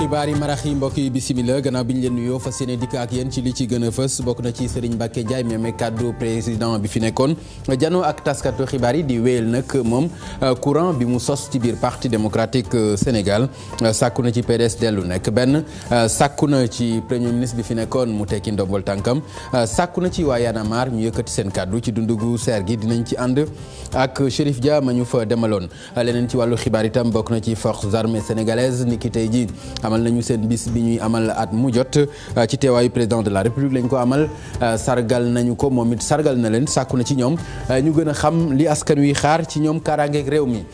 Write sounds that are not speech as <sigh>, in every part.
xibaar yi marax yi mbokk yi bisimila gannaaw bi ñu leen nuyoo fas yéene dikk ak yéen ci li ci gën a fës bokk na ci Serigne Mbacké Ndiaye meme kaddu président bi fi nekkoon jano ak taskatu xibaar yi di wéyal nag moom euh, courant bi mu sos ci biir parti démocratique euh, Sénégal euh, sàkku na ci PDS dellu nekk benn sàkku na ci premier ministre bi fi nekkoon mu tekki ndombol tànkam sàkku na ci waa Y'en ñu yëkkati seen kàddu ci dundugu seer gi dinañ ci ànd ak Chérif Dia ma ñu fa demaloon leneen ci wàllu xibaar itam bokk na ci forces armées sénégalaises niki tey ji amal nañu seen bis bi ñuy amal at mu jot euh, ci teewaayu président de la république lañ ko amal euh, sargal nañu ko moom it sargal na leen sàkku na ci ñoom euh, ñu gën a xam li askan wi xaar ci ñoom kaaraangeeg réew mi.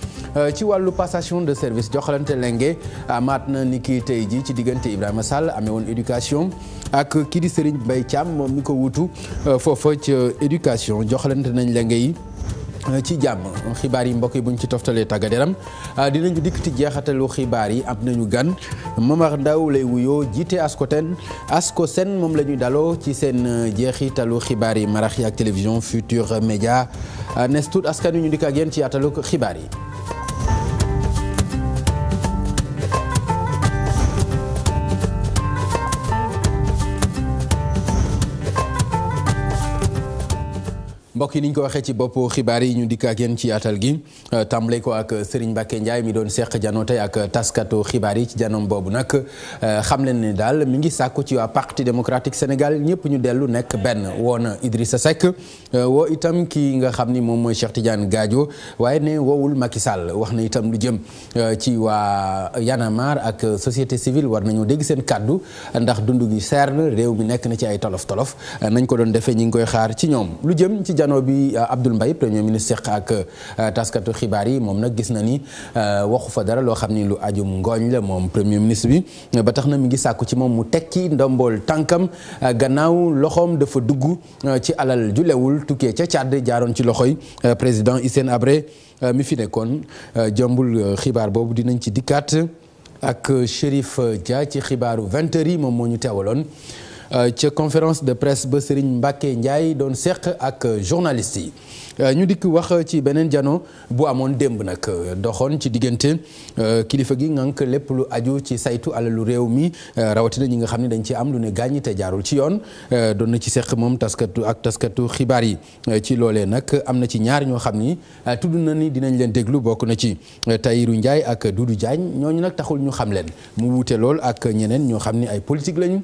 ci wàllu passation de service joxalante lenge amaat na ni kii tey jii ci diggante Ibrahima Sall amee woon éducation ak kii di Serigne Mbaye Thiam moom mi ko wutu foofu ci éducation joxalante nañ lenge Euh, ci jàmm xibaar yi mbokk yi bu ñu ci toftalee tàggat yaram euh, dinañu dikk ti jeexatalu xibaar yi am na ñu gan Momar Ndao lay wuyoo jiite Ascoten seen moom la ñuy daloo ci seen euh, jeexitalu xibaar yi marax yi ak télévision Futur Média nes tout askan wi ñu dikk ak yéen ci yaatalu xibaar yi. mbokk yi ni ñu ko waxee ci bopp xibaar yi ñu dikk ak yéen ci yaatal gi euh, tàmbale ko ak Serigne Mbacké Ndiaye mi doon seq janoo tey ak taskatu xibaar yi ci janoom boobu nag euh, xam leen ni daal mi ngi sàkku ci waa parti démocratique Sénégal ñëpp ñu dellu nekk benn woo na Idrissa Seck euh, woo itam kii nga xam ni moom mooy Cheikh Tidiane Gadio waaye ne woowul Macky Sall wax na itam lu jëm ci waa Y'en a ak société civile war nañu dégg seen kàddu ndax dund gi seer na réew mi nekk na ci ay tolof tolof nañ ko doon defee ñi ngi koy xaar ci ñoom janoo bi euh, Abdoul mbay premier ministre seq ak euh, taskatu xibaar yi moom nag gis na ni euh, waxu fa dara loo xam ni lu ajum ngooñ la moom premier ministre bi ba tax na mi ngi sàkku ci moom mu tekki ndombool tànkam gannaaw loxoom dafa dugg ci alal ju tukkee ca Càdd jaaroon ci loxoy président Hissène Habré mi fi nekkoon jombul xibaar boobu dinañ ci dikkaat ak Chérif ca ci xibaaru 20 yi moom moo ñu teewaloon Euh, ca conférence de presse ba Serigne Mbacke Ndiaye doon seq ak euh, journaliste yi euh, ñu dikk wax ci beneen jano bu amoon démb nag doxoon ci diggante kilifa gi ngànk lépp lu aju ci saytu alalu réew mi rawatina ñi nga xam ne dañ ci am lu ne gàññi te jaarul ci yoon doon na ci seq moom taskatu ak taskatu xibaar yi ci loolee nag am na ci ñaar ñoo xam ni tudd na ni dinañ leen déglu bokk na ci Tahirou Ndiaye ak Doudou jaañ ñooñu nag taxul ñu xam leen mu wuute lool ak ñeneen ñoo xam ni ay politique lañu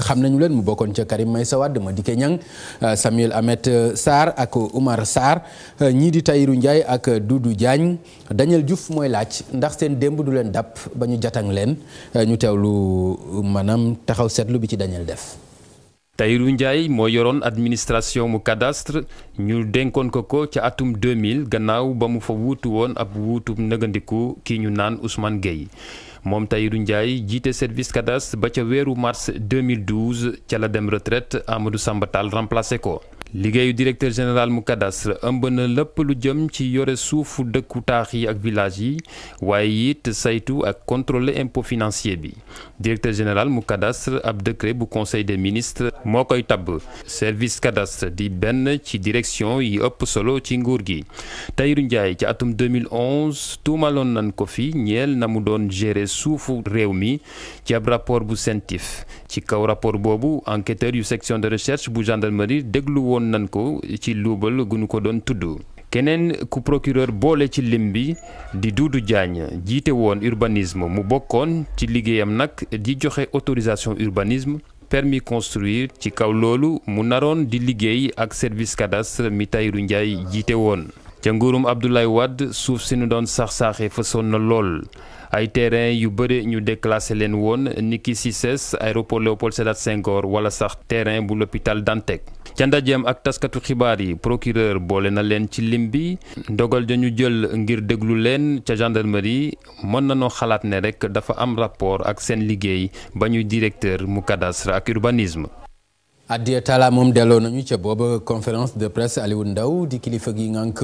xam nañu leen mu bokkoon ca Karim Meïssa Wade Madické Niang euh, Samuel Ahmed euh, saar ak Oumar Sarr euh, ñii di Tahirou Ndiaye ak Doudou jaañ Daniel Diouf mooy laaj ndax seen démb du leen dàpp ba ñu jatang leen ñu teew teewlu maanaam taxaw seetlu bi ci Daniel def. Tahirou Ndiaye moo yoroon administration mu kadastre ñu dénkoon ko ko ca atum 2000 gannaaw ba mu fa wuutu woon ab wuutu nëgëndiku kii ñu naan Ousmane Gueye. moom Tahirou Ndiaye jiite service cadastre ba ca weeru mars 2012 ca la dem retraite Amadou Samba Tall ko. liggéeyu directeur général mu cadastre ëmb na lépp lu jëm ci yore suufu dëkku taax yi ak village yi waaye it saytu ak contrôler impôt financier bi directeur général mu cadastre ab décret bu conseil des ministres moo koy tabb service cadastre di benn ci direction yi ëpp solo ci nguur gi Tahirou Ndiaye ci atum 2011 tuumaloon nan ko fi ñeel na mu doon gérer suufu réew mi ci rapport bu CENTIF ci kaw rapport boobu enquêteur yu section de recherche bu gendarmerie déglu woon nañ ko ci luubal gu ko doon tudd. keneen ku procureur boole ci lim bi di duudu Diagne jiite woon urbanisme mu bokkoon ci liggéeyam nag di joxe autorisation urbanisme permis construire ci kaw loolu mu naroon di liggéey ak service cadastre mi Tahirou Ndiaye jiite woon ca nguurum Abdoulaye Wade suuf si nu doon sax-saaxee fasoon na lool ay terrain yu bëri ñu déclassé leen woon niki CICES aéroport Léopold Sédar Senghor wala sax terrain bu l'hôpital Dantec ca ndajeem ak taskatu xibaar yi procureur boole na leen ci lim bi ndogal dañu jël ngir déglu leen ca gendarmerie mën nañoo xalaat ne rek dafa am rapport ak seen liggéey ba ñuy directeur mu cadastre ak urbanisme addiya moom delloo nañu ca booba conférence de presse Aliou ndaw di kilifa gi ngànk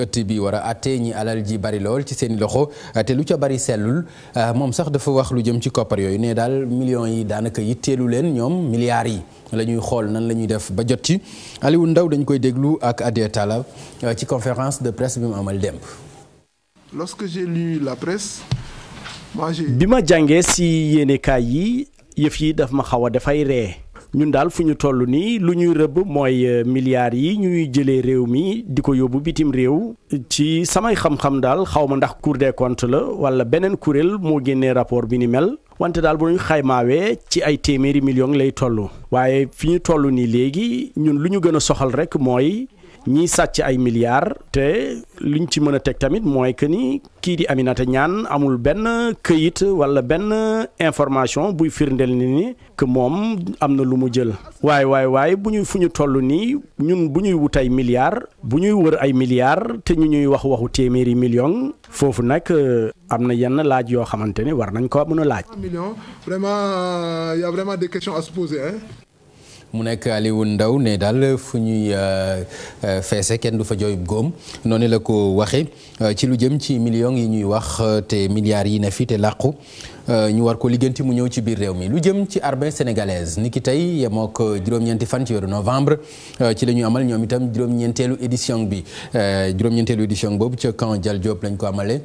ëtt bi war a atte ñi alal ji bari lool ci seen i loxo te lu ca bari sellul ah, moom sax dafa wax lu jëm ci koppar yooyu ne daal millions yi daanaka yitteelu leen ñoom milliards yi la ñuy xool nan la ñuy def ba jot ci Aliou ndaw dañu koy déglu ak addiya tala ah, ci conférence de presse bi mu amal démb. Lorsque j'ai lu la bi ma jàngee si yéenekaay yi yëf yi daf ma xaw a dafay ree ñun daal fu ñu toll nii lu ñuy rëbb mooy euh, milliards yi ñuy jëlee réew mi di ko yóbbu bitim réew ci samay xam-xam daal xaw ma ndax Cour des comptes la wala beneen kuréel moo génnee rapport bi ni mel wante daal bu ñu xaymaawee ci ay téeméeri millions lay toll waaye fi ñu toll nii léegi ñun lu ñu gën a soxal rek mooy ñiy sàcc ay milliards te luñ ci mën a teg tamit mooy que ni kii di Aminata ñaan amul benn këyit walla benn information buy firndeel ni ni que moom am na lu mu jël waaye waaye waaye bu ñu fu ñu toll nii ñun bu ñuy wut ay milliards bu ñuy wër ay milliards te ñu ñuy wax waxu téeméeri millions foofu nag euh, am na yenn laaj yoo xamante ne war nañ ko mën a laaj. vraiment il euh, vraiment des questions à se poser mu nekk aliwul ndaw ne daal fu ñuy euh, euh, feese kenn du fa jooyub góom noonu la ko waxee euh, ci lu jëm ci million yi ñuy wax te milliards yi ne fi te làqu Euh, ñu war ko liggéenti mu ñëw ci biir réew mi lu jëm ci armée sénégalaise ni ki tey yemoo ko euh, juróom-ñeenti fan ci weeru novembre euh, ci la ñu amal ñoom itam juróom-ñeenteelu édition bi juróom-ñeenteelu édition boobu ca camp jal Diop lañ ko amale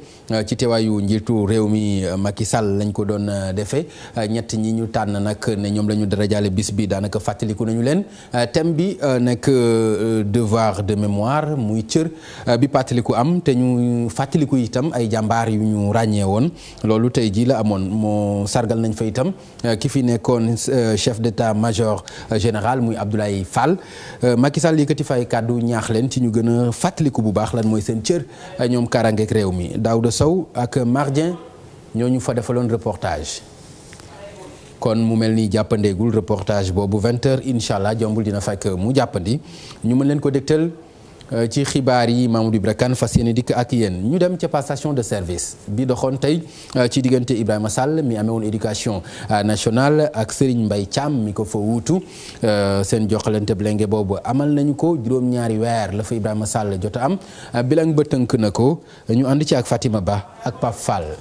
ci teewaayu njiitu réew mi Macky Sall lañ ko doon defee ñett ñi ñu tànn nag ne ñoom la ñu darajaale bis bi daanaka fàttaliku nañu leen thème bi nekk devoir de mémoire muy cër bi pàttaliku am te ñu fàttaliku itam ay jàmbaar yu ñu ràññee woon loolu tey jii la amoon moo sargal nañ fa itam euh, ki fi nekkoon euh, chef d'état-major euh, général muy Abdoulaye Fall Macky Sall kati fay kàddu ñaax leen ci ñu gën a fàttaliku bu baax lan mooy seen cër ñoom kaaraangeeg réew mi Daouda Sow ak Mardien ñoo ñu fa defaloon reportage kon mu mel ni jàppandeegul reportage boobu 20h incha allah jombul dina fekk mu jàppandi ñu mën leen ko dégtal. Euh, ci xibaar yi Mamadou Ibra Kane fas yéene dikk ak yéen ñu dem ca passation de service bi doxoon tey euh, ci diggante Ibrahima Sall mi amewoon éducation euh, nationale ak Serigne mbay Thiam mi ko fa wuutu seen joxalante blange boobu amal nañu ko juróom-ñaari weer la fa Ibrahima Sall jot am bilang ba tënk na ko ñu ànd ci ak Fatima Ba ak Pape Fall.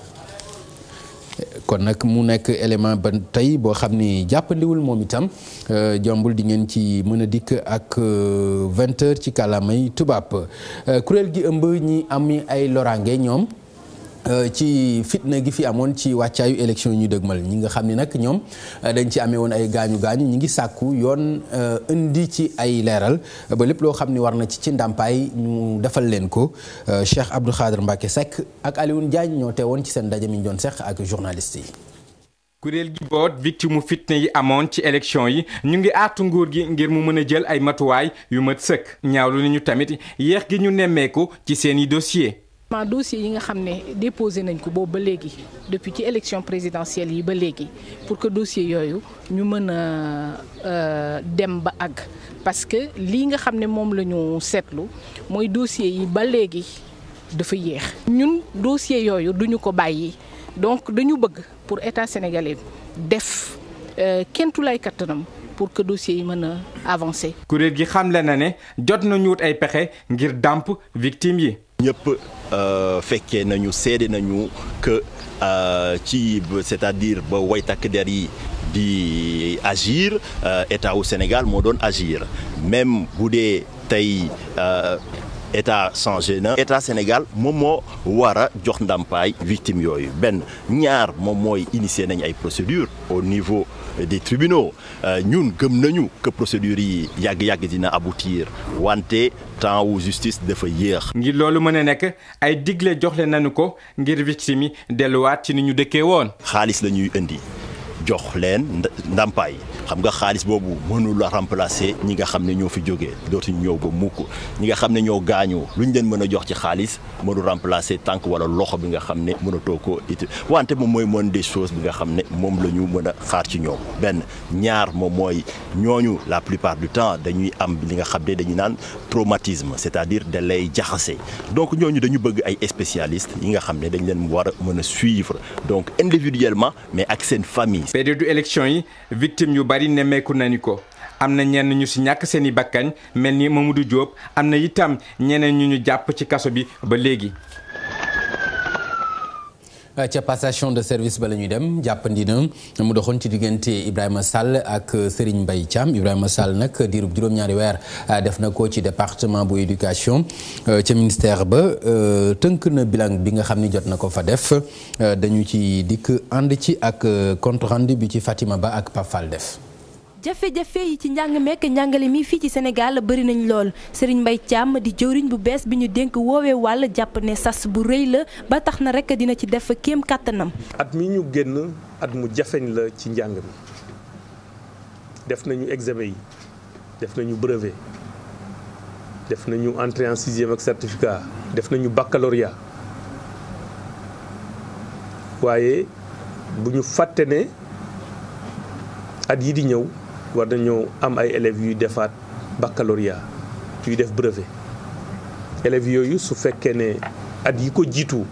kon nag mu nekk élément ba tey boo xam ni jàppandiwul moom itam euh, jombul di ngeen ci mën a dikk ak euh, vingt heures ci kàllaamay tubaab euh, kuréel gi ëmb ñi am ay loraange ñoom. Euh, ci fitna gi fi amoon ci wàccaayu élection yi ñu dëgmal ñi nga xam ni nag ñoom euh, dañ ci amee woon ay gaañu gaañu ñi ngi sàkku yoon euh, indi ci ay leeral ba lépp loo xam ni war na ci ci ndàmpaay ñu defal leen ko Cheikh Abdou Khadre Mbacké Seck ak Alioune Diagne ñoo teewoon ci seen ndaje mi ñu doon seq ak journaliste yi. kuréel gi boot victime fitna yi amoon ci élection yi ñu ngi aartu nguur gi ngir mu mën a jël ay matuwaay yu mat sëkk ñaawlu nañu tamit yéex gi ñu nemmeeku ci seen i dossier ma dossier yi nga xam ne déposé nañ ko boobu ba léegi depuis ci élection présidentielle yi ba léegi pour que dossier yooyu ñu mën a euh, dem ba àgg parce que lii nga xam ne moom la ñu seetlu mooy dossier yi ba léegi dafa yéex ñun dossier yooyu duñu ko bàyyi donc dañu bëgg pour état sénégalais def euh, kenn tulaay kattanam pour que dossier yi mën a avancer. kuréel gi xamle na ne jot nañu wut ay pexe ngir dàmp victime yi. ñëpp euh, fekkee nañu seede nañu que euh, ci c'est-à-dire ba way takk der yi di agir euh, état wu Sénégal moo doon agir même bu dee tey état changé na état Sénégal moom moo war a jox ndàmpaay victime yooyu benn ñaar moom mooy initier nañ ay procédures au niveau des tribunaux euh, ñun gëm nañu que procédures yi yàgg-yàgg dina aboutir wante temps wu justice dafa yéex. ngir loolu mën a nekk ay digle joxle nañu ko ngir victime yi delluwaat ci ni ñu dëkkee woon. xaalis la ñuy indi jox leen ndàmpaay. xam nga xaalis boobu mënul la remplacer ñi nga xam ne ñoo fi jógee dootuñu ñëw ba mukk ñi nga xam ne ñoo gaañoo lu ñu leen mën a jox ci xaalis mënul remplacer tànk wala loxo bi nga xam ne mënatoo ko it wante moom mooy mën des choses bi nga xam ne moom la ñu mën a xaar ci ñoom benn ñaar moom mooy ñooñu la plupart du temps dañuy am li nga xam ne dañu naan traumatisme c'est-à-dire da lay jaxase donc ñooñu dañu bëgg ay spécialistes yi nga xam ne dañ leen war mën a suivre donc individuellement mais ak seen famille. période yi bari nemmeeku nañu ko am na ñenn ñu ci ñàkk seeni bakkan mel ni Mamadou Diop am na itam ñeneen ñu ñu jàpp ci kaso bi ba léegi Euh, ca passation de service ba la ñuy dem jàppandi na mu doxoon ci diggante Ibrahima Sall ak euh, Serigne mbay Thiam Ibrahima Sall nag diirub juróom-ñaari weer euh, def na ko ci département bu éducation ca ministère ba tënk na bilan bi nga xam ni jot na ko fa def dañu ci dikk ànd ci ak compte rendu bi ci Fatima Ba ak Pape def. jafe-jafe yi ci njàng mekk njàngale mi fii ci Sénégal bari nañ lool sëriñ mbay càmm di jëwriñ bu bees bi ñu dénk woowee wàll jàpp ne sas bu rëy la ba tax na rek dina ci def kéem kàttanam at mi ñu génn at mu jafeñ la ci njàng mi def nañu examen yi def nañu brevet def nañu entrée en sixième ak certificat def nañu baccalauréat waaye bu ñu fàtte ne at yi di ñëw war nañoo am ay élèves yuy defaat baccalauréat yuy def brevet élèves yooyu su fekkee ne at yi ko jiitu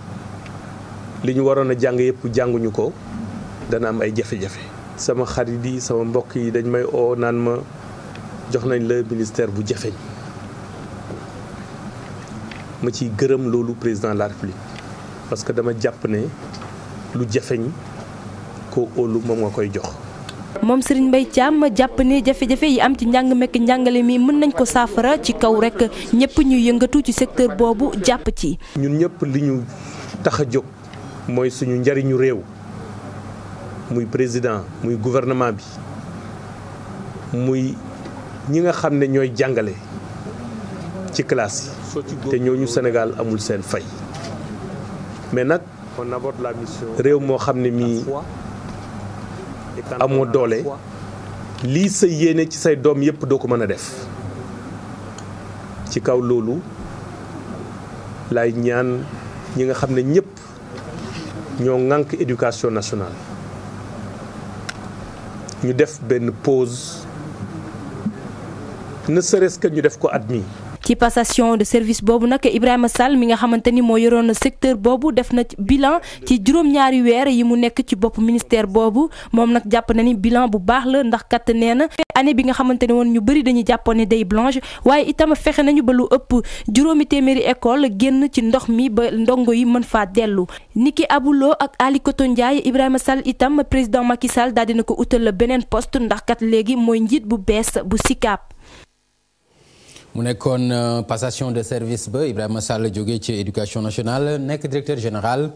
li ñu waroon a jàng yëpp jànguñu ko dana am ay jafe-jafe sama xarit yi sama mbokk yi dañ may oo naan ma jox nañ la ministère bu jafeñ ma ciy gërëm loolu président la république parce que dama jàpp ne lu jafeñ ko óolu moom nga koy jox moom Serigne Mbaye Thiam jàpp ni jafe-jafe yi am ci njàng mekk njàngale mi mën nañ ko saafara ci kaw rek ñëpp ñuy yëngatu ci secteur boobu jàpp ci. ñun ñëpp li ñu tax a jóg mooy suñu njariñu réew muy président muy gouvernement bi muy ñi nga xam ne ñooy jàngale ci classe yi te ñooñu Sénégal amul seen fay mais nag réew moo xam ne mii. amoo doole lii sa yéene ci say doom yépp doo ko mën a def ci kaw loolu lay ñaan ñi nga xam ne ñépp ñoo ŋànk éducation nationale ñu def benn pause ne serait-ce ñu def ko at mi ci passation de service boobu nag Ibrahima Sall mi nga xamante ni moo yoroon secteur boobu def na bilan ci juróom-ñaari weer yi mu nekk ci bopp ministère boobu moom nag jàpp na ni bilan bu baax la ndax kat nee na année bi nga xamante ne woon ñu bëri dañuy jàppoon ne day blanche waaye itam fexe nañu ba lu ëpp juróomi téeméeri école génn ci ndox mi ba ndongo yi mën faa dellu niki Aboulo ak Ali Koto Ndiaye Ibrahima Sall itam président Macky Sall daal dina ko utal beneen poste ndax léegi mooy njiit bu bees bu SICAP mu nekkoon euh, passation de service ba Ibrahima Sall jóge ci éducation nationale nekk directeur général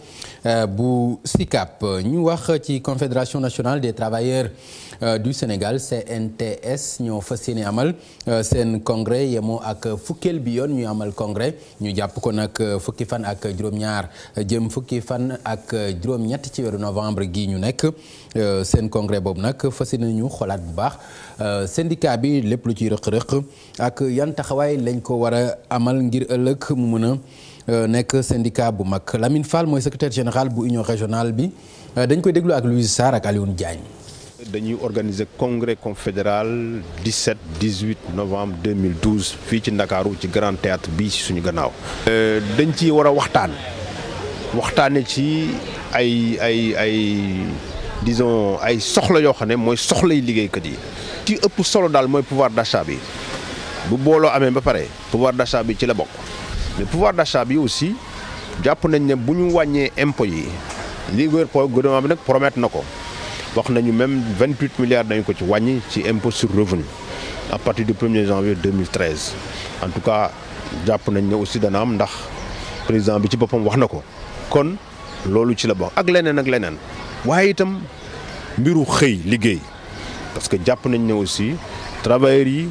euh, bu SICAP ñu wax ci confédération nationale des travailleurs Euh, du Sénégal CNTS ñoo fas yéene amal euh, seen congrès yemoo ak fukkeel bi yoon ñu amal congrès ñu jàpp ko nag euh, fukki fan ak juróom-ñaar jëm fukki fan ak juróom-ñett ci weeru novembre gi ñu nekk seen congrès boobu nag fas yéene ñu xolaat bu baax syndicat bi lépp lu ciy rëq-rëq ak yan taxawaay lañ ko war a amal ngir ëllëg mu mën a nekk syndicat bu mag lamin Fall mooy secretaire général bu union régionale bi dañ koy déglu ak Louise Sarr ak Alioune Diagne. dañuy organiser congrès confédéral 17 18 novembre 2012 fii ci Ndakaaru ci grand théâtre bii ci suñu gannaaw. Euh, dañ ci war a waxtaan waxtaane ci ay ay ay dison ay soxla yoo xam ne mooy soxlay liggéeykat yi. ci ëpp solo daal mooy pouvoir d'achat bi bu booloo amee ba pare pouvoir d'achat bi ci la bokk mais pouvoir d'achat bi aussi jàpp nañ ne bu ñu wàññee impôts yi lii gouvernement bi nag promettre na ko. wax nañu même vingt huit milliards dañu ko ci wàññi ci impôt sur à partir du premier janvier 2013 en tout cas jàpp nañ ne aussi dana am ndax président bi ci boppam wax na ko kon loolu ci la bokk ak leneen ak leneen waaye itam mbiru xëy liggéey parce que jàpp nañ ne aussi travailleurs yi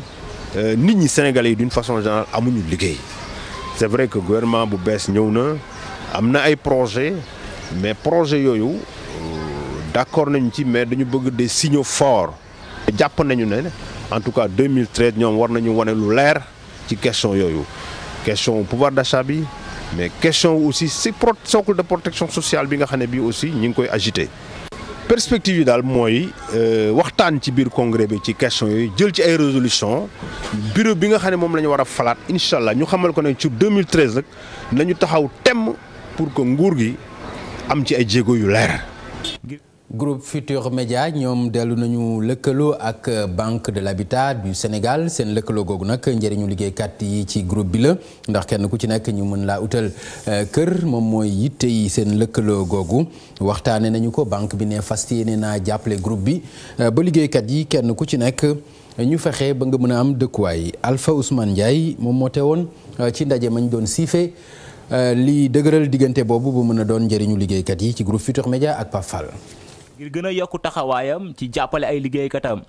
euh, nit ñi sénégalais yi d'une façon générale amuñu liggéey c'est vrai que gouvernement bu bees ñëw na am na ay projet mais projet yooyu d'accord nañu ci mais dañu bëgg des signaux forts jàpp nañu ne en tout cas 2013 ñoom war nañu wane lu leer ci question yooyu question pouvoir d'achat bi mais question aussi si pro socle de protection sociale bi nga xam ne bii aussi ñu ngi koy agité. perspective yi daal mooy euh, waxtaan ci biir congrès bi ci question yooyu jël ci ay résolution bureau bi nga xam ne moom lañu ñu war a falaat incha allah ñu xamal ko ne ci 2013 nag nañu taxaw temm pour que nguur gi am ci ay jéego yu leer. groupe Futur Média ñoom dellu nañu lëkkaloo ak banque de l'habitat du Sénégal seen lëkkaloo googu nag njëriñu liggéeykat yi ci groupe bi la ndax kenn ku ci nekk ñu mën laa utal euh, kër moom mooy yitte yi seen lëkkaloo googu waxtaane nañu ko banque bi ne fas yéene naa jàppale groupe bi euh, ba liggéeykat yi kenn ku ci nekk ñu fexe ba nga mën a am dëkkuwaay Alpha Ousmane Ndiaye moom moo teewoon euh, ci ndaje mañ doon siife lii dëgëral diggante boobu bu mën a doon njëriñu liggéeykat yi ci groupe Futur Média ak Pape ngir gën a yokk taxawaayam ci jàppale ay liggéeykatam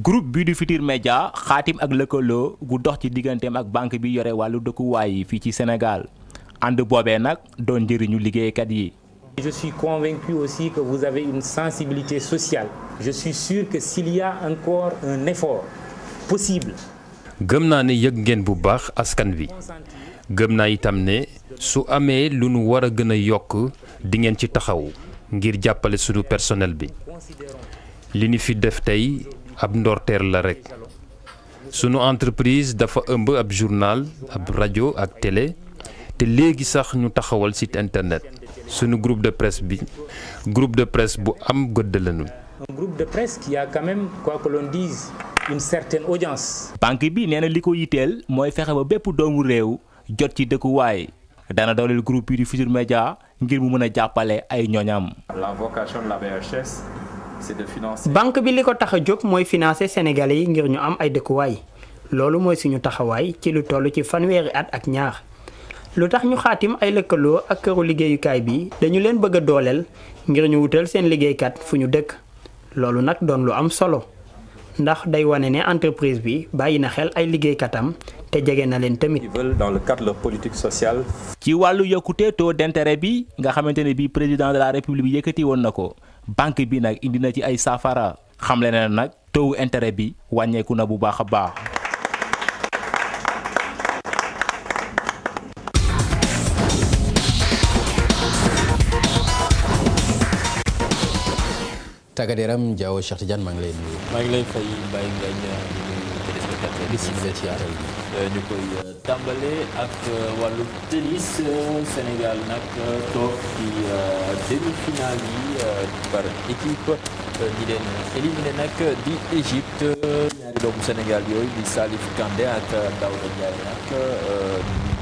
groupe bii du Futurs Médias xaatim ak lëkkaloo gu dox ci digganteem ak banque bi yore wàllu dëkkuwaay yi fii ci senegal ànd boobe nag doon njëriñu liggéeykat yi. Je suis convaincu aussi que vous avez une sensibilité sociale. Je suis sûr que s'il y a encore un effort possible. gëm naa ne yëg ngeen bu baax askan wi gëm naa itam ne su amee lu nu war a gën a yokk di ngeen ci taxawu. ngir jàppale sunu personnel bi li ñu fi def tey ab ndorteer la rekk sunu entreprise dafa ëmb ab journal ab rajo ak télé te léegi sax ñu taxawal site internet sunu groupe de press bi groupe de presse bu am gëdd lañu un groupe de presse qui banque bi nee na li ko yitteel mooy fexe ba bépp doomu réew jot ci dëkkuwaay. dana dooleel groupe yi di Futurs Médias ngir mu mën a jàppale ay ñoñam. La vocation la banque bi li ko tax a jóg mooy financer sénégalais yi ngir ñu am ay dëkkuwaay loolu mooy suñu taxawaay ci lu toll ci fanweeri at ak ñaar. lu tax ñu xaatim ay lëkkaloo ak këru liggéeyukaay bi dañu leen bëgg a dooleel ngir ñu wutal seen liggéeykat fu ñu dëkk loolu nag doon lu am solo ndax day wane ne entreprise bi bàyyi na xel ay liggéeykatam te jege na leen tamit. dans le politique sociale. ci wàllu yokkute taux d'intérêt bi nga xamante ne bii président de la république bi yëkkati woon na ko banque bi nag indi na ci ay saafara xamle na nag taux intérêt bi wàññeeku na bu baax a baax. tàggat yaram Diaw Cheikh Tidiane maa ngi jàpp di si ñu koy euh, tàmbale ak euh, wàllu tennis euh, Sénégal nag toog ci demi-finale yi par équipe ñi leen éliminé nag di Égypte ñaari doomu Sénégal yooyu di Salif Kandé ak Daouda Ndiaye nag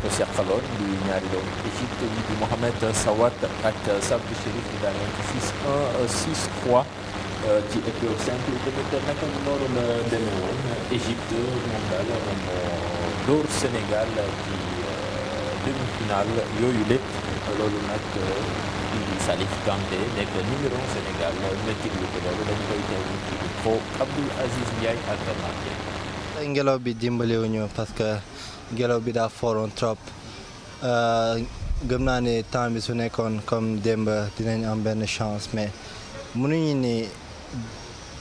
ko seqaloon di ñaari doomu Égypte yi di Mohamed Sawat ak Sabri Chérif di daaneel 6-1 6-3 Euh, ci épure simple peut noonu la Sénégal ci demi-finale yooyu lépp e loolu nag di Salif Kanté nekk numéro Sénégal eh, météo bi loolu dañ koy teewlu ci micro Abdoul Aziz Ndiaye ak Martin. ngelaw bi dimbaliwuñu parce que ngelaw bi daa foroon trop eh, gëm naa ne temps bi su nekkoon comme démb dinañ am benn chance mais mënuñu ni.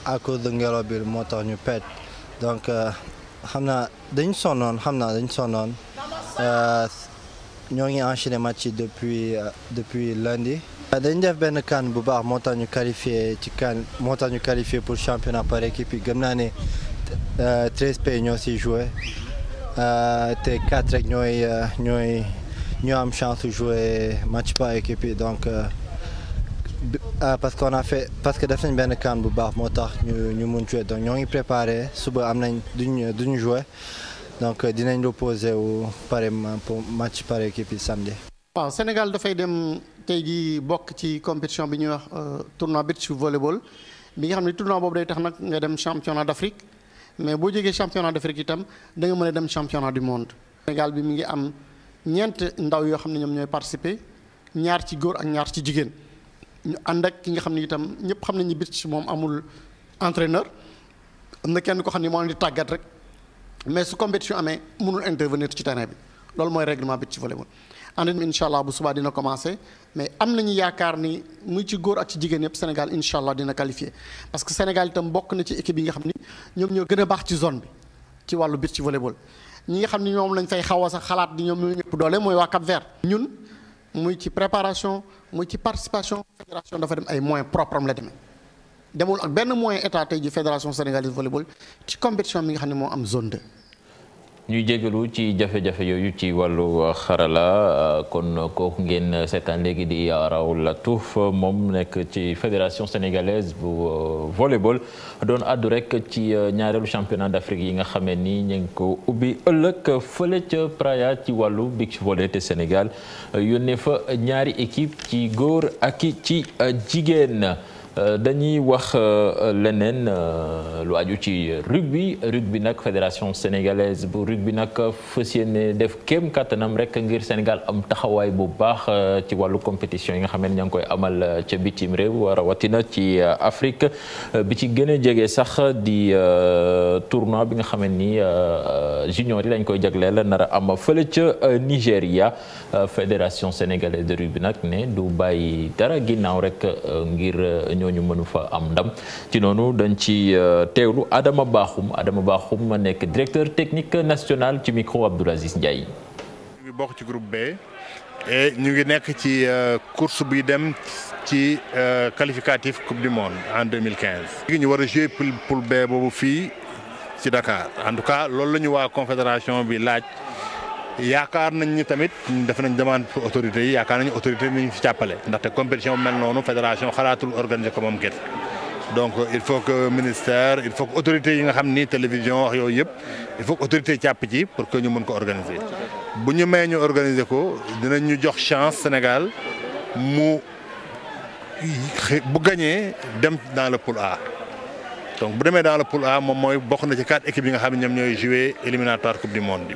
à cause de ngelaw bi moo ñu pet donc euh, xam naa dañu sonnoon xam naa dañu sonnoon euh, ñoo ngi enchaîné match depuis euh, depuis lundi. dañu def benn kan bu baax moo tax ñu qualifié ci kan moo tax ñu qualifié pour championnat par équipe yi gëm naa ne treize pays ñoo siy joué te quatre rek ñooy ñooy ñoo am chance de jouer match par équipe donc. ah parce que a fait que def nañ benn kan bu baax moo tax ñu ñu mun jouer donc ñoo ngi préparé suba am nañ du ñu jouer donc euh, dinañ reposer wu pare pour match par équipe yi samedi. waaw Sénégal dafay dem tey jii bokk ci compétition bi ñuy wax bi euh, tournoi beach volleyball bi nga xam ne tournoi boobu day tax nag nga dem championnat d'Afrique mais boo jógee championnat d'Afrique itam da mën a dem championnat du monde. Sénégal bi mu ngi am ñeent ndaw yoo xam ne ñoom ñooy participer ñaar ci góor ak ñaar ci jigéen. ñu ànd ak ki nga xam ne itam ñëpp xam nañu bis moom amul entraîneur am na kenn ko xam ne moo leen di tàggat rek mais su compétition amee mënul intervenir ci terrain bi loolu mooy règlement bi ci volleyball ànd incha allah bu subaa dina commencé mais am nañu yaakaar ni muy ci góor ak ci jigéen yëpp Sénégal incha allah dina qualifié parce que Sénégal itam bokk na ci équipe bi nga xam ni ñoom ñoo gën a baax ci zone bi ci wàllu beach volleyball ñi nga xam ni ñoom lañ fay xaw a sax xalaat di ñoom ñoo ñëpp doole mooy waa Cap Vert muy ci préparation muy ci participation fédération dafa dem ay moyens propres am la demee demul ak benn moyen état tey ji fédération sénégalaise volleyball ci compétition bi nga xam ne moo am zone 2 ñuy jégalu ci jafe-jafe yooyu ci wàllu xarala kon kooku ngeen seetaan léegi di Raoulatouf moom nekk ci fédération sénégalaise bu euh, volleyball doon àddu rek ci euh, ñaareelu championnat d'Afrique yi nga xamee ni ñu ngi ko ubbi ëllëg fële ca Praia ci wàllu beach volley te Sénégal yónnee fa ñaari équipe ci góor ak ci euh, jigéen. Euh, dañuy wax euh, leneen euh, lu aju ci rugby rugby nag fédération sénégalaise bu rugby nag fas yéene def kem kattanam rek ngir Sénégal am taxawaay bu baax ci wàllu compétition yi nga xam ne ña ngi koy amal ca bitim réew rawatina ci Afrique bi ci gën a jege sax di tournoi bi nga xam ne ni junior yi lañ koy jagleel nar a am fële ca Nigéria fédération sénégalaise de rugby nag ne du bàyyi dara ginnaaw rek ngir ñoo ñooñu mënu fa am ndam ci noonu dañ ci euh, teewlu Adama Bakhoum Adama Bakhoum ma nekk directeur technique national ci micro Abdoul Aziz Ndiaye. ñu ngi bokk ci groupe B et ñu ngi nekk ci euh, course buy dem ci euh, qualificatif coupe du monde en 2015. ñu war a jouer poule B boobu fii ci Dakar en tout cas waa confédération bi laaj. yaakaar nañ ni tamit def nañ demande pour autorités yi yaakaar nañu autorité yi ñu fi jàppale ndaxte compétition bu mel noonu fédération xalaatul organiser ko moom kenn donc il faut que ministère il faut que autorités yi nga xam ni télévision wax yooyu yëpp il faut que autorités jàpp ji pour que ñu mën ko organiser bu ñu mayee ñu organiser ko dinañ ñu jox chance Sénégal mu bu gagné dem dans le poul A donc bu demee dans le pool A moom mooy bokk na ci quatre équipes yi nga xam ne ñoom ñooy jouer éliminatoire coupe du monde bi.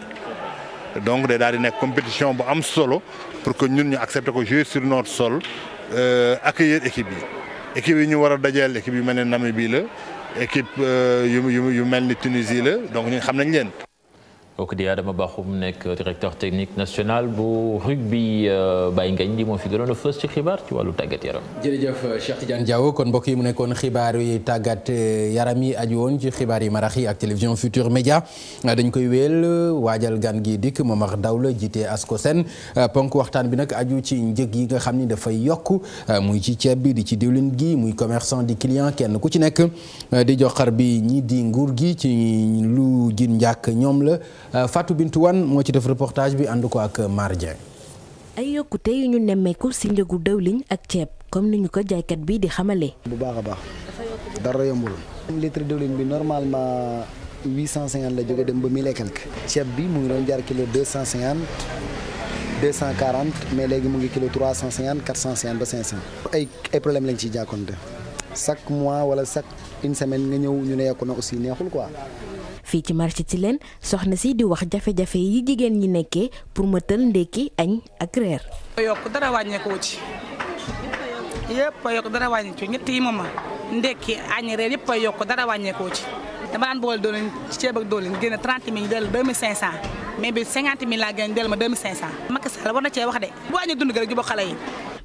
donc day daal di nekk compétition bu am solo pour que ñun ñu accepter ko jouer sur notre sol euh, accueillir équipe yi équipe yi ñu war a dajeel équipe yu mel ne Namibie la équipe euh, yu yu mel ni Tunisie la donc ñu xam nañ leen. kooku di Adama Bakhoum nekk directeur technique national bu rugby euh, Baye Ngagne li moo fi gënoon a xibaar ci wàllu tàggat yaram. jërëjëf euh, Cheikh Tidiane Diaw kon mbokk yi mu nekkoon xibaar yi tàggat euh, yaram yi aju woon ci xibaar yi marax yi ak télévision Futur Média dañ koy wéel waajal gan gi dikk Momar Dawla jiite Ascosen ponk waxtaan bi nag aju ci njëg yi nga xam ni dafay yokk muy ci ceeb bi di ci diwlin gi muy commerçant di client kenn ku ci nekk di joxar bi ñi di nguur gi ci lu jin njàkk ñoom la. Euh, Fatou Bintou Wane moo ci def reportage bi ànd ko ak Mar Dieng ay yokkute yu ñu nemmeeku si njëgu dëwliñ ak ceeb comme ni ñu ko jaaykat bi di xamale bu baax a baax dara yombul. litre dëwlin bi normalement 850 la jóge dem ba 1000 et quelque. ceeb bi mu ngi doon jar kilo 250 240 mais léegi mu ngi kilo 350 450 ba 500. ay ay problème lañ ciy jàkkoonte chaque mois wala chaque une semaine nga ñëw ñu ne yokku na aussi neexul quoi fii ci marché ci leen soxna si di wax jafe-jafe yi jigéen ñi nekkee pour mëtal ndékki añ ak reer. yokk dara wàññeeku wu ci yëpp a yokk dara wàññeeku ci ñett yi moom ndékki añ reer yëpp a yokk dara wàññeeku ci. dama daan boole doole ceeb ak doole génne 30 mille dellu 2500 mais bi 50 mille laa génne dellu ma 2500. Macky Sall war na cee wax de bu wàññi dund gi rek jubóo xale yi.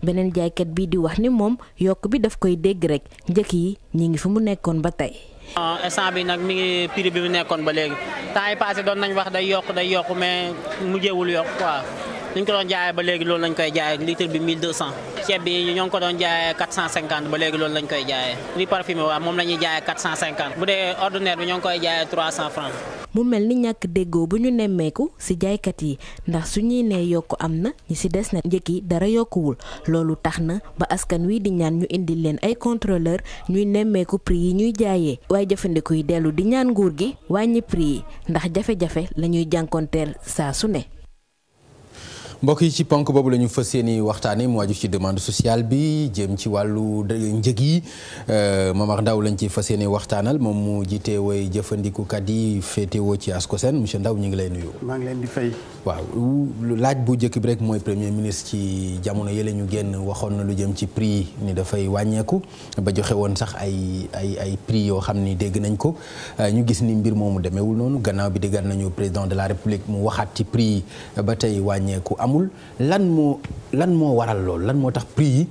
beneen jaaykat bii di wax ni moom yokk bi daf koy dégg rek njëkk yi ñi ngi fi mu nekkoon ba tey. instant ah, eh, bi nag mi ngi prix bi mu nekkoon ba léegi temps yi passé doon nañ wax day yokk day yokk mais mujjewul yokk waaw ñu ko doon jaayee ba léegi loolu lañ koy jaayee litre bi 1200 ceeb bi ñoo ngi ko doon jaayee 450 ba léegi loolu lañ koy jaayee riz parfumé waaw moom la ñuy jaayee 450 bu dee ordinaire bi ñoo ngi koy jaayee 300 francs mu mel ni ñàkk déggoo bu ñu nemmeeku ci jaaykat yi ndax su ñuy nee yokk am na ñi ci des na njëg yi dara yokkuwul loolu tax na ba askan wii di ñaan ñu indil leen ay contrôleur ñuy nemmeeku prix yi ñuy jaayee waaye jëfandiku yi dellu di ñaan nguur gi wàññi prix yi ndax jafe-jafe la ñuy jànkoonteel saa su ne mbokk yi ci ponk boobu la ñu fas yéene waxtaanee mu wàju ci demande sociale bi jëm ci wàllu njëg yi euh, Momar ndaw lañ ci fas yéene waxtaanal moom mu jiitee way jëfandikukat yi féetewoo ci ASCOSEN monsieur ndaw ñu ngi lay nuyu. maa ngi leen di fay. waaw laaj bu njëkk bi rek mooy premier ministre ci jamono yële ñu génn waxoon na lu jëm ci prix ni dafay wàññeeku ba joxe woon sax ay ay ay prix yoo xam ni dégg nañ ko euh, ñu gis ni mbir moomu demeewul noonu gannaaw bi déggal nañu président de la république mu waxaat ci prix ba tey wàññeeku. amul lan moo lan moo waral lool lan moo tax prix yi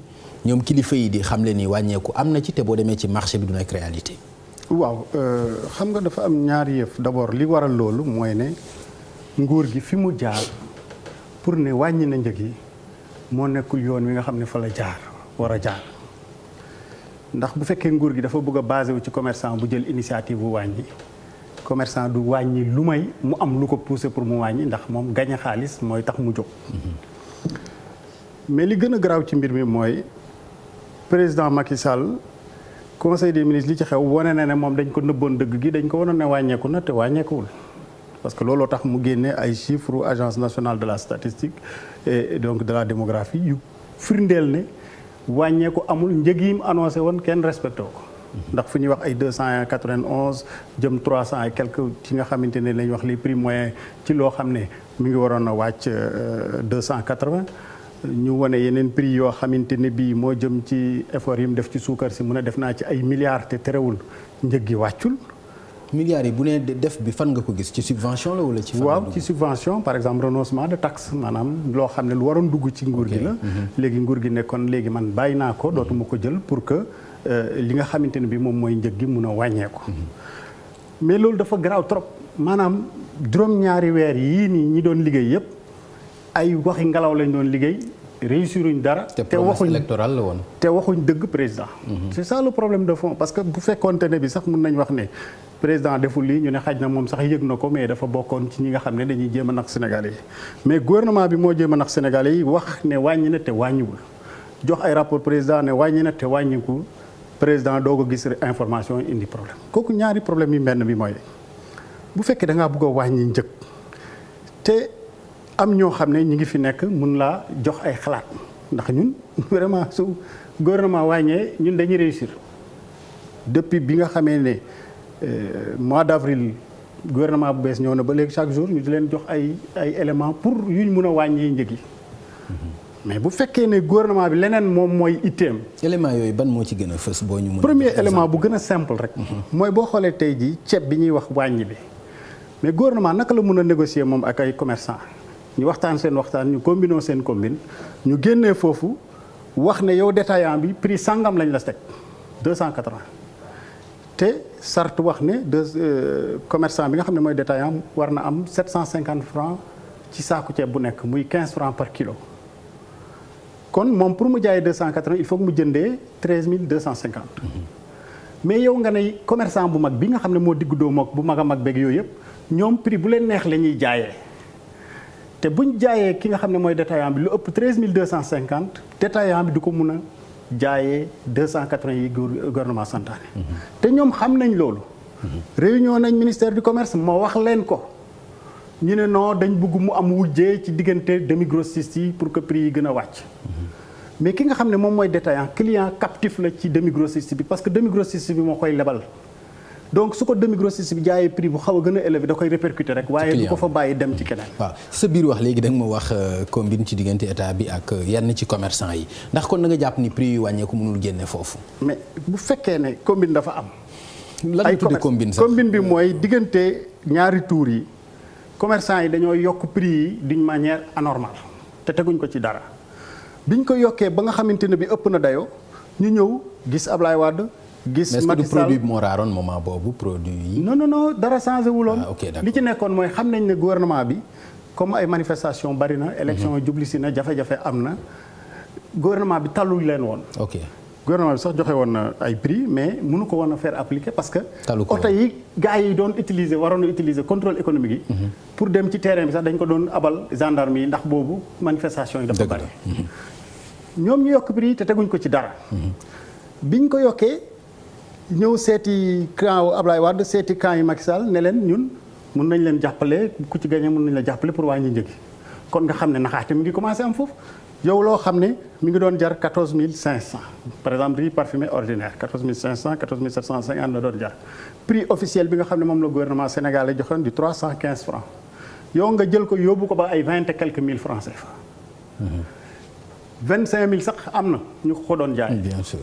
ñoom kilifa yi di xam le ni wàññeeku am na ci te boo demee ci marché bi du nekk réalité. waaw euh, xam nga dafa am ñaari yëf d'abord li waral loolu mooy ne nguur gi fi mu jaar pour ne wàññi na njëg yi moo nekkul yoon wi nga xam ne fa la jaar war a jaar ndax bu fekkee nguur gi dafa bëgg a basé wu ci commerçant bu jël initiative bu wàññi. commerçant du wàññi lu may mu am lu ko poussé pour mu wàññi ndax moom gañe xaalis mooy tax mu jóg mais li gën a garaaw ci mbir mi mooy président Macky Sall conseil des ministres li ci xew wane na ne moom dañ ko nëbboon dëgg gi dañ ko wanoon ne wàññeeku na te wàññeekuwul parce que looloo tax mu génne ay chiffres agence nationale de la statistique et donc de la démographie yu firndeel ne wàññeeku amul njëg yi mu annoncé woon kenn respecté ko ndax fu ñuy wax ay deux cent quatre vingt jëm trois cent et quelque ci nga xamante ne lañu wax li prix moyen ci loo xam ne mu ngi waroon a wàcc euh, deux cent quatre ñu wane yeneen prix yoo xamante ni bii moo jëm ci effort yi mu def ci suukar si mun a def naa ci ay milliards te terewul njëg gi wàccul. milliards yi bu nee def bi fan nga ko gis ci subvention la wala ci. waaw ci subvention par exemple renoncement de taxe maanaam loo xam ne lu waroon dugg ci nguur gi la. Mhm. léegi nguur gi ne kon léegi man bàyyi naa ko dootuma ko jël pour que. Euh, li nga xamante ne bi moom mooy njëg gi mun a wàññeeku. mais loolu dafa garaaw trop maanaam juróom-ñaari weer yii nii ñi doon liggéey yëpp ay waxi ngelaw lañ doon liggéey réussiruñ dara. te waxuñ électoral la woon. te waxuñ dëgg président. Mhm. c'est ça le problème de fond parce que bu fekkoonte ne bi sax mun nañ wax ne président deful lii ñu ne xaj na moom sax yëg na ko mais dafa bokkoon ci ñi nga xam ne dañuy jéem a nax Sénégalais yi. mais gouvernement bi moo jéem a nax Sénégalais yi wax ne wàññi na te wàññiwul jox ay rapport président ne wàññi na te wàññiwul. président doo ko gis information indi problème kooku ñaari problème yi benn bi mooy bu fekkee da ngaa bëgg a wàññi njëg te am ñoo xam ne ñi ngi fi nekk mun laa jox ay xalaat ndax ñun <laughs> vraiment su gouvernement wàññee ñun dañuy réussir depuis bi nga xamee ne euh, mois d'avril gouvernement bu bees ñëw na ba léegi chaque jour ñu di leen jox ay ay éléments pour yu yuñ mun a wàññee njëg yi mm-hmm. mais bu fekkee ne gouvernement bi leneen moom mooy itteem. élément yooyu ban moo ci gën fës boo ñu mën premier élément bu gën simple rek. Mhm. mooy boo xoolee tey jii ceeb bi ñuy wax wàññi bi mais gouvernement naka la mun a négocier moom ak ay commerçant ñu waxtaan seen waxtaan ñu combinoo seen combine ñu génnee foofu wax ne yow détaillant bi prix sangam lañ la teg deux cent quatre te sart wax ne deux euh, commerçant bi nga xam ne mooy détaillant war na am sept cent cinquante francs ci saaku ceeb bu nekk muy quinze francs par kilo. kon moom pour mu jaayee deux cent quatre vingt il faut que mu jëndee treize mille deux mais yow nga ne commerçant bu mag bi nga xam ne moo diggu doo mook bu mag a mag beeg yooyu yëpp ñoom prix bu leen neex la ñuy jaayee te buñ jaayee ki nga xam ne mooy détaillant bi lu ëpp treize mille deux cent cinquante détaillant bi du ko mun a jaayee deux cent quatre vingt yi gouvernement santaane. Mhm. te ñoom xam nañ loolu. Mhm. réunion nañ ministère du commerce moo wax leen ko. ñu ne non dañ bëgg mu am wujjee ci diggante demi yi pour que prix yi gën a wàcc mais ki nga xam ne moom mooy détaillant client captif la ci demi bi parce que demi bi moo koy lebal donc su ko demi grossiste bi jaayee prix bu xaw a gën a élevé da koy rek waaye du fa bàyyi dem ci keneen waaw biir wax léegi da nga ma wax euh, combine ci diggante état bi ak euh, yenn ci commerçant yi ndax kon da nga jàpp ni prix yu wàññeeku mënul génne foofu mais bu fekkee ne combine dafa am lan tuddee combine sax combine bi mooy diggante ñaari tour yi commerçant yi dañoo yokk prix yi d'une manière anormal te teguñ ko ci dara biñ ko yokkee ba nga xamante ne bi ëpp na dayoo ñu ñëw gis laay Wade. gis Macky Sall produit bi moo raaroon moment boobu produit yi. non non non dara changé wuloon ah, li ci nekkoon mooy xam nañ ne gouvernement bi comme ay manifestation bari na. élection mhm. jubli si na jafe-jafe am na gouvernement bi tàlluñ leen woon. ok gouvernement bi sax joxe woon na ay prix mais mënu ko woon a faire appliquer parce que oto yi gars yi doon utiliser waroon na utiliser contrôle économique yi mhm. pour dem ci terrain bi sax dañ ko doon abal gendarme yi ndax boobu manifestation yi dafa bari mhm. ñoom ñu yokk prix te teguñ ko ci dara mhm. biñ ko yokkee ñëw seeti camp Ablaye Wade seeti camp yi Macky Sall ne leen ñun mun nañ leen jàppale ku ci gagné mun nañ la jàppale pour wàññi njëgi kon nga xam foofu yow loo xam ne mu ngi doon jar quatorze mille cinq cent par exemple riz parfumé ordinaire quatorze mille cinq cent quatorze mille sept cent cinquante la doon jar prix xam ne moom la gouvernement sénégalais joxoon di trois cent quinze francs yow nga jël ko yóbbu ko ba ay vingt et quelques mille francs cinq mille sax am na ñu ko doon jaay. bien sûr.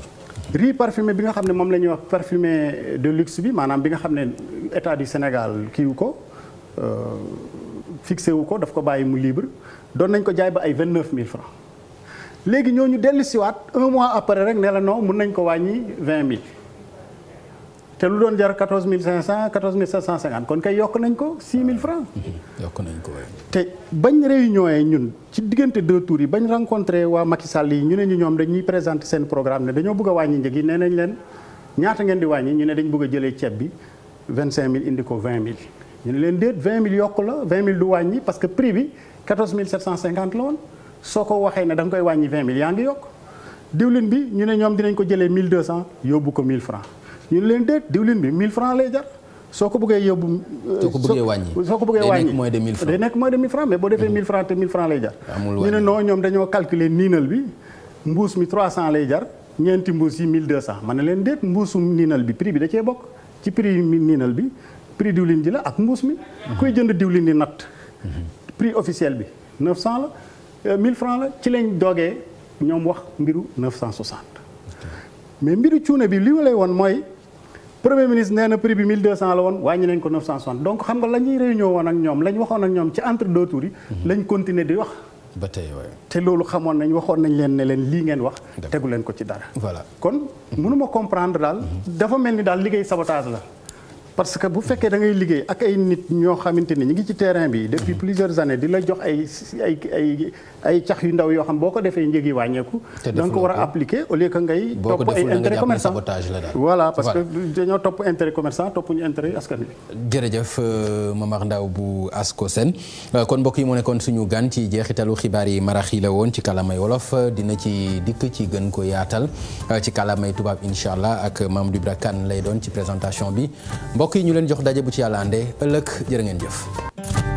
riz parfumé bi nga xam ne moom la ñuy wax parfumé de luxe bi maanaam bi nga xam ne état du Sénégal kiiwu ko euh, fixé wu ko daf ko bàyyi mu libre doon nañ ko jaay ba ay vingt neuf mille francs léegi ñoo ñu dellu siwaat un mois après rek ne la non mun nañ ko wàññi vingt mille te lu doon jar quatorze mille cinq cent quatorze mille sept cent cinquante kon kay yokk nañ ko six mille francs mhm. yokk nañ ko te bañ réunion ñun ci diggante deux tours yi bañ waa Macky Sall yi ñu ne ñu ñoom dañuy présenter seen programme ne dañoo bëgg wàññi njëg yi nee nañ leen ñaata ngeen di wàññi ñu ne dañ bëgg a jëlee ceeb bi vingt cinq mille indi ko vingt mille ñu ne leen déet vingt mille yokk la vingt mille du wàññi parce que prix bi quatorze mille sept cent cinquante la woon soo ko waxee na da koy wàññi vingt mille yaa ngi yokk diwlin bi ñu ne ñoom dinañ ko jëlee mille deux cent yóbbu ko mille franc ñu ne leen déet diwlin bi mille franc lay jar soo ko bëggee yóbbu. Euh, soo ko bëggee wàññi ko bëggee wàññi day nekk moins de mille franc day nekk moins de mille franc mais boo defee mhm. mille franc lay jar. ñu ne non ñoom dañoo calculer niinal bi mbuus mi trois cent lay jar ñeenti mbuus yi mille deux cent ma ne leen déet mbuusu niinal bi prix bi da cee bokk ci prix niinal bi prix diwlin ji la ak mbuus mi. Mhm. kuy jënd diwlin di natt. Mhm. prix officiel bi neuf cent la Euh, mille francs la ci lañ doogee ñoom wax mbiru 960. mais mbiru cuune bi li ma woon mooy premier ministre nee na prix bi 1200 la woon wàññi nañ ko 960 donc xam nga la ñuy réunion woon ak ñoom lañ ñu waxoon ak ñoom ci entre deux tours yi. Mhm. lañ continuer di wax. ba tey te loolu xamoon nañ waxoon nañ leen ne leen lii ngeen wax. tegu leen ko ci dara. voilà kon mhm. mënuma comprendre daal. Mhm. dafa mel ni daal liggéey sabotage la. parce que bu fekkee da liggéey ak ay nit ñoo xamante ni ñu ngi ci terrain bi depuis plusieurs années di la jox ay ay ay cax yu ndaw yoo xam boo ko defee njeg yi wàññeeku donc war a appliquer au lieu que ngay topp ay intérêt commerçant voilà parce que dañoo topp intérêt commerçant toppuñu intérêt askan bi jërëjëf euh, Momar Ndao bu Ascosen euh, kon mbokk yi mu nekkoon suñu gan ci jeexitalu xibaar yi marax yi la woon ci kalamay wolof euh, dina ci dikk ci gën ko yaatal ci kalamay tubaab incha allah ak Mamadou Ibra Kane lay doon ci présentation bi mbokk yi ñu leen jox daje bu ci yàlla àndee ëllëg jërë jëf.